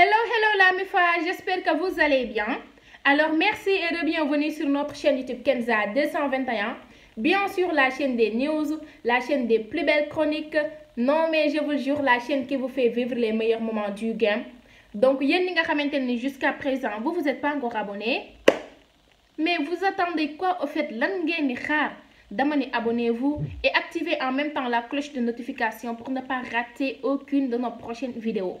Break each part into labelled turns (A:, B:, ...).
A: Hello, hello la MIFA, j'espère que vous allez bien. Alors merci et de bienvenue sur notre chaîne YouTube Kenza 221. Bien sûr la chaîne des news, la chaîne des plus belles chroniques. Non mais je vous jure la chaîne qui vous fait vivre les meilleurs moments du game. Donc jusqu'à présent, vous vous êtes pas encore abonné. Mais vous attendez quoi au fait abonnez-vous et activez en même temps la cloche de notification pour ne pas rater aucune de nos prochaines vidéos.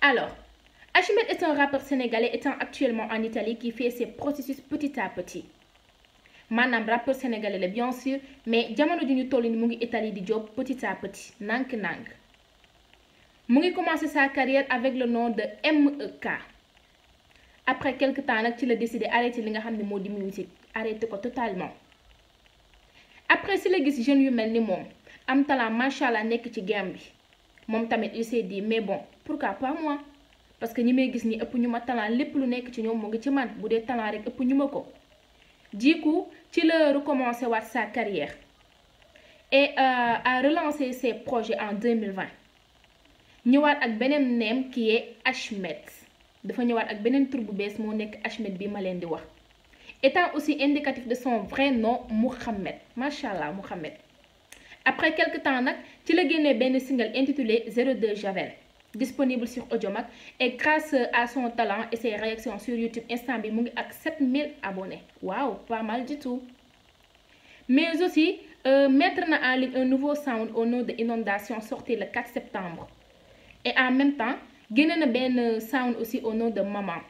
A: Alors, Achmed est un rappeur sénégalais étant actuellement en Italie qui fait ses processus petit à petit. un rappeur sénégalais bien sûr mais je suis ñu toll ngi Italie di job petit à petit Il a ngi commencé sa carrière avec le nom de MEK après quelques temps il a décidé d'arrêter li nga de Modi totalement après si le gis jeunes yu mel ni am talent macha allah moom tamit dit, mais bon pourquoi pas moi parce que ñi may gis ni ëpp ñuma talent lepp lu nekk ci ñom mo ngi ci man bu dee talent rek ëpp ñu ma ko coup, ci la recommencé waat sa carrière et euh, a relancé ses projets en 2020 ñëwaat ak benen nom qui est Ahmed dafa ñëwaat ak un tur bu bees moo nekk Ahmed bi ma di wax étant aussi indicatif de son vrai nom Mohamed Masha'Allah, Mohamed après quelques temps il a la un single intitulé 02 Javel disponible sur Audiomack et grâce à son talent et ses réactions sur YouTube instant bi mu 7000 abonnés Waouh, pas mal du tout mais aussi euh, mettre en ligne un nouveau sound au nom de Inondation sorti le 4 septembre et en même temps a na un sound aussi au nom de Maman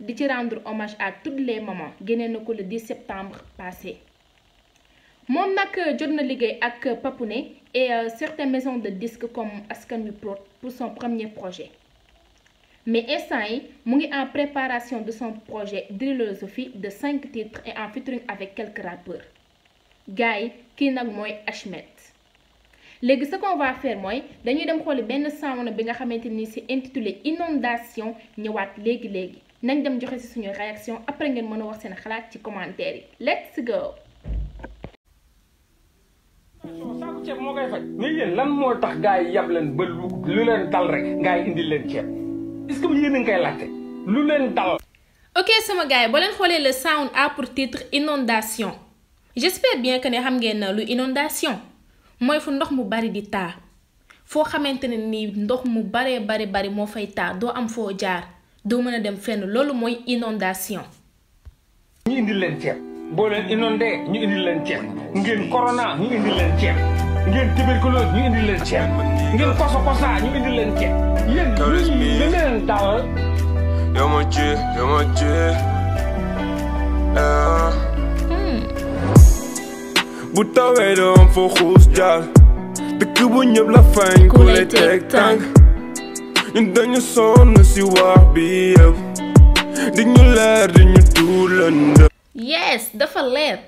A: di ci rendre hommage à toutes les mamans qui na ko le 10 septembre passé moom nak euh, jotna na ak euh, Papounet et euh, certaines maisons de disques comme Askan pour son premier projet mais instant est en préparation de son projet philosophie de 5 titres et en featuring avec quelques rappeurs Guy, qui nak moy Ahmed légui ce qu'on va faire moy dañuy dem xoli ben sound bi nga xamante ni c'est intitulé inondation ñëwaat légui légui nañ dem joxe ci suñu réaction après ngeen mëna wax seen xalaat ci commentaire let's go
B: saaku ceeb moo koy faj mais yéen lan moo tax gars yi yab leen ba lu lu leen dal rek gars yi leen ceeb est-ce que yéen a koy laajte lu leen dal
A: ok sama gars yi boo xoolee le sound a pour titre inondation j'espère bien que ne xam ngeen na lu inondation mooy fu ndox mu bari di taa foo xamante ne nii ndox mu baree bari bari moo fay taa doo am foo jaar doo mën a dem fenn loolu mooy inondation
B: ñu indil leen ceeb boo leen inondé ñu indi leen ceeb ngeen corona ñu indi leen ceeb ngeen tuberculose ñu indi leen ceeb ngeen koso kosa ñu indi leen ceeb yeen ñu li leen dal yo mo ci yo mo ci ah. hmm. bu tawee doom foo xuus jaar dëkk bu ñëpp la fañ ku lay tek tang ñun dañu sonn si wax bi yëpp di ñu leer di ñu tuulëndë
A: yes dafa leer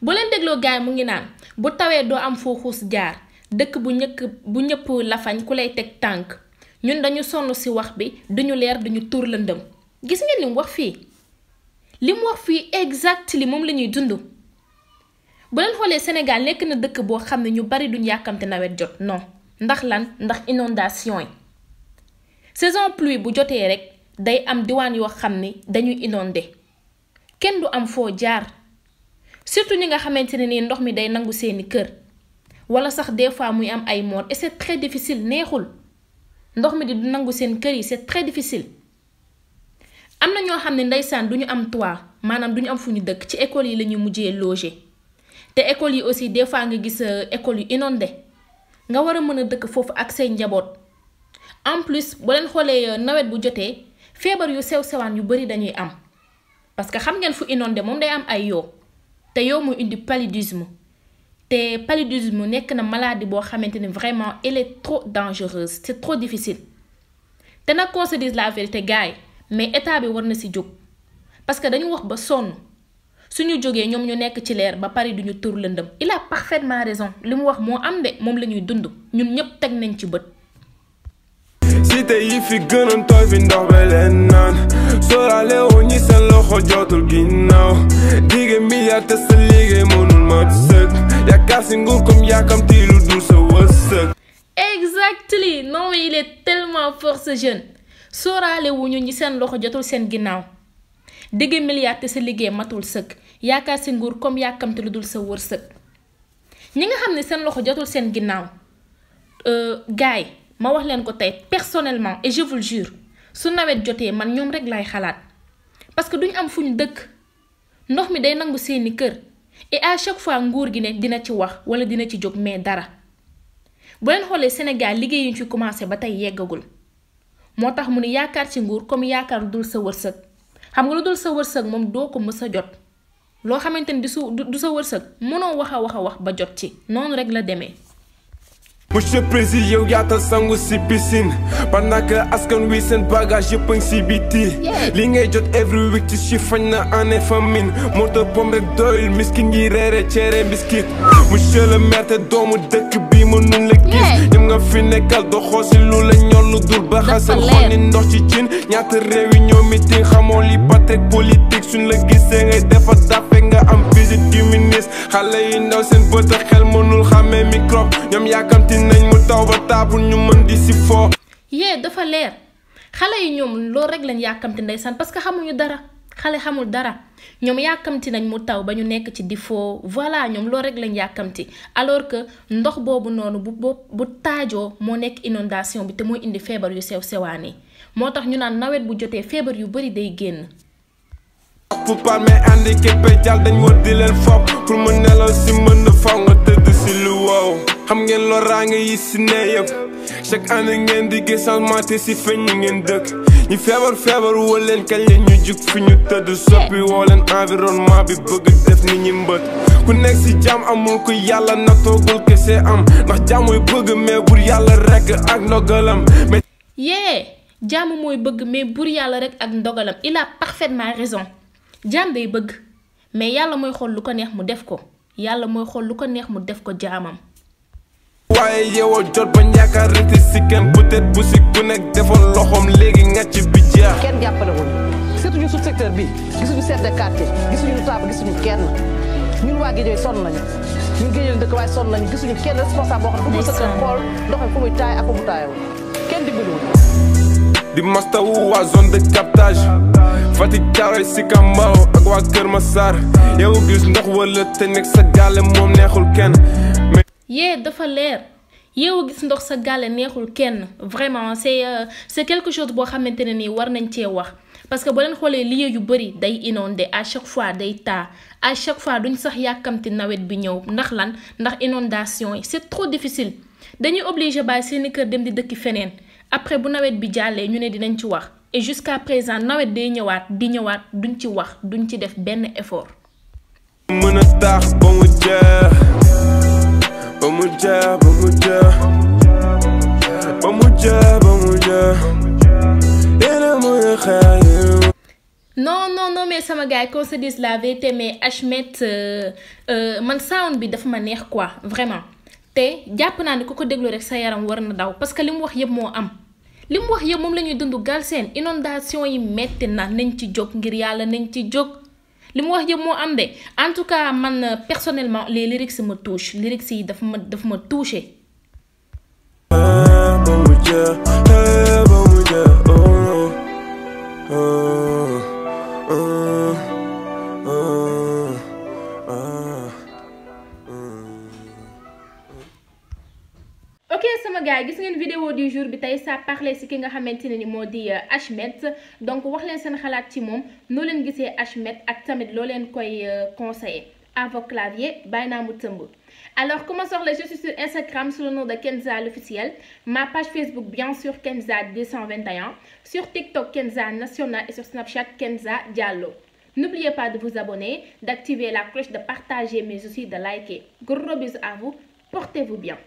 A: bu leen dégloo gaay mu ngi naan bu tawee doo am foo xuus jaar dëkk bu ñëkk bu ñëpp lafañ ku lay teg tànk ñun dañu sonn ci wax bi duñu leer duñu tuur lëndëm gis ngeen li wax fii li mu wax fii exact li moom la ñuy dund bu leen xoolee Sénégal nekk na dëkk boo xam ne ñu bari duñ yàkkamte nawet jot non ndax lan ndax inondation yi saison pluie bu jotee rek day am diwaan yoo xam ni dañuy inondé kenn du am foo jaar surtout ñi nga xamante ne nii ndox mi day nangu seeni kër wala sax des fois muy am ay moor et c'est très difficile neexul ndox mi di du nangu seen kër yi c'est très difficile am na ñoo xam ne ndeysaan du ñu am toit maanaam du ñu am fu ñu dëkk ci école yi la ñuy mujjee loge te école yi aussi des fois nga gis euh, école yu de nga war a mën a dëkk foofu ak say njaboot en plus bu leen xoolee euh, nawet bu jotee feebar yu sew sewaan yu bari dañuy am. parce que xam ngeen fu inondé day am ay indi paludisme te paludisme na maladie vraiment elle est trop dangereuse c'est trop difficile dise la vérité gars mais état bi si parce que dañu wax ba suñu ñu ci ba duñu il a parfaitement raison li wax moo am de moom la dund ñun
B: ginnaaw jigéen bi yaa te sa liggéey mënul mat sëkk yaakaar
A: wu ñu ñi seen loxo jotul seen ginnaaw digg milliard te sa liggéey matul sëkk yaakaar si nguur comme yàkkamte lu dul sa wërsëg ñi nga xam ne seen loxo jotul seen ginnaaw euh, gaay ma wax leen ko tey personnellement et je su nawet jotee man ñoom rek laay xalaat parce que duñ am fu ñu dëkk ndox mi day nangu seeni kër et à chaque fois nguur gi ne dina ci wax wala dina ci jóg mais dara bu leen xoolee Sénégal liggéey yuñ ci commencé ba tey yeggagul moo tax mu ne yaakaar ci nguur comme yaakaar dul sa wërsëg xam nga lu dul sa wërsëg moom doo ko mës a jot loo xamante ni du su du sa wërsëg mënoo wax a wax a wax ba jot ci noonu rek la demee.
B: monsieur président yow yaatal sangu si piscine pendant que askan wi seen bagage yëpp a ngi si biti li ngay jot every week ci si fañ na année famine moo tax pom rek doyul miskin ngi reere cere mbiskit monsieur le maire doomu dëkk bi mënuñ la gis ñoom nga fi nekkal doxoo si lu la ñor lu dul ba xasal xool ni ndox ci cin ñaata réew yi ñoo meeting xamoo li patrek politique suñ la gisee ngay defa dafe nga am visite du ministre xale yi ndaw seen bët xel mënul xàmmee microbe ñoom yaakamti nañ mu taw ba taabu ñu mën di si foo
A: yee dafa leer xale yi ñoom loolu rek lañ yàkkamti ndeysaan parce que xamuñu dara xale xamul dara ñoom yàkkamti nañ mu taw ba ñu nekk ci di foo voilà ñoom loolu rek lañ yàkkamti alors que ndox boobu noonu bu bu taajoo moo nekk inondation bi te mooy indi feebar yu sew sewaan yi moo tax ñu naan nawet bu jotee feebar yu bari day génn.
B: pour palme handicapé jàll dañ war di leen fopp pour mu nelaw si mën faw nga tëdd si lu wow xam ngeen loraange yi si ne yëpp chaque année ngeen di changement te si feeñ ngeen dëkk. ñi feebar feebar woo leen kañ leen ñu fi ñu tëdd soppi woo leen environnement bi bëgg def ni ñi mbët ku nekk si jàmm amul ku yàlla na toogul kese am ndax jàmm mooy bëgg mais bur yàlla rekk ak ndogalam
A: yee jàmm mooy bëgg mais bur yàlla rekk ak ndogalam il a parfaitement raison jàmm day bëgg mais yàlla mooy xool lu ko neex mu def ko yàlla mooy xool lu ko neex mu def ko jaamam
B: waaye yeewoo jot ba ñàkkaar renti si kenn peut-être bu si ku nekk defoon loxoom léegi ngàcc bi jeex
A: kenn jàppale wuñu surtout ñun suñu secteur bi gisuñu chef de quartier gisuñu notable gisuñu kenn ñun waa Guédiawaye sonn nañu ñun Guédiawaye dëkk waaye sonn nañu gisuñu kenn responsable boo xam ne bu sa kër xool ndox mi fu muy taay ak fu mu taayoo kenn dimbali wuñu
B: di mastawu waa zone de captage Fatick Thiaroye Sicap Mbao ak waa Kër Massar yow gis ndox wala te nekk sa gaale moom neexul kenn
A: Yeah, dafa leer faut gis ndox sa gàlle neexul kenn vraiment c'est euh, quelque chose boo nous ne war nañ wax parce que boo leen xoolee lieu yu bëri day à chaque fois day taa à chaque fois duñ sax bi inondation c'est trop difficile dañuy obligé kër dem di après bu bi ñu et jusqu'à présent day ñëwaat di ñëwaat duñ ci wax effort.
B: ba mu jeex
A: mais sama gars yi qu'on mais Achmed euh, euh, man sound bi dafa ma neex quoi vraiment te jàpp naa ni ku ko déglu rek sa yaram war na daw parce que li mu wax yëpp moo am li mu wax yëpp moom la ñuy dund Galsen inondation yi metti na nañ ci jóg ngir yàlla nañ ci jóg. li wax en tout cas man euh, personnellement les lyrics touchent. touche lyrics yi daf gars gis une vidéo du jour bi tey ça parler si ki nga xamante ne ni euh, donc wax leen un xalaat ci nous vous leen gisee Ahmed ak tamit loo leen koy euh, conseiller à vos claviers Alors, comment ça les Je suis sur Instagram sous le nom de Kenza l'officiel, ma page Facebook bien sûr Kenza 221, sur TikTok Kenza National et sur Snapchat Kenza Diallo. N'oubliez pas de vous abonner, d'activer la cloche, de partager mais aussi de liker. Gros bisous à vous, portez-vous bien.